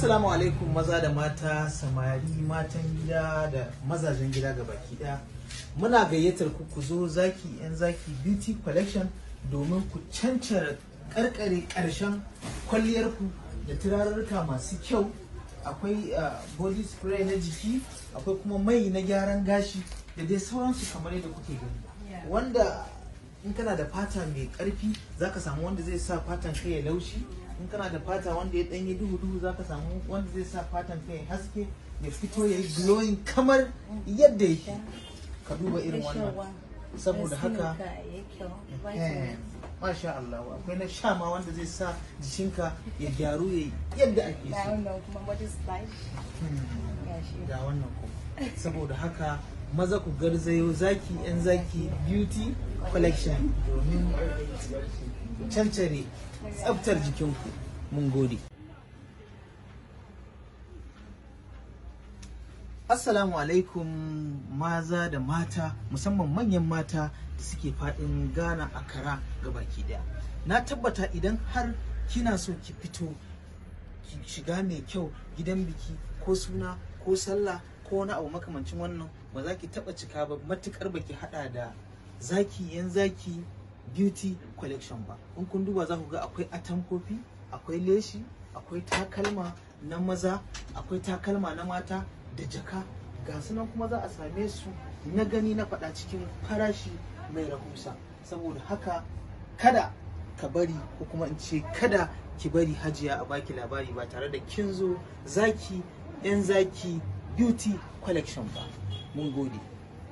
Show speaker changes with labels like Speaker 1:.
Speaker 1: assalamu alaikum maza da mata samari matan gida da mazajen gida ga baki daya muna gayyatar ku ku zo zaki yan zaki beauty collection domin ku cancar karkare karshen kwalliyar ku da turarurruka masu kyau akwai body spray na jiki akwai kuma mai na gyaran gashi da dai sauransu kamar yadda kuke gani wanda in kana da fata mai karfi zaka samu wanda zai sa fatan kai ya laushi in kana da fata wanda ya danyi duhu duhu za ka samu wanda zai sa fatan ka ya haske ya fito ya yi glowing kamar yadda yake ka duba irin wannan saboda haka eh, masha Allah akwai na sha ma wanda zai sa jikinka ya gyaru ya yadda ake so ga wannan kuma hmm, saboda haka maza ku garzayo zaki yan zaki beauty collection domin cancare tsabtar jikinku mun gode Assalamu alaikum maza da mata musamman manyan mata da suke faɗin gana a kara ga baki daya. Na tabbata idan har kina so ki fito ki shiga mai kyau gidan biki ko suna ko sallah ko wani abu makamancin wannan ba za ki taɓa cika ba matukar ba ki haɗa da zaki yan zaki beauty collection ba in kun duba za ku ga akwai kofi akwai leshi akwai takalma na maza akwai takalma na mata da jaka ga nan kuma za a same su na gani na faɗa cikin farashi mai rahusa saboda haka kada ka bari ko kuma in ce kada ki bari hajiya a baki labari ba tare da kin zo zaki yan zaki beauty collection ba mun gode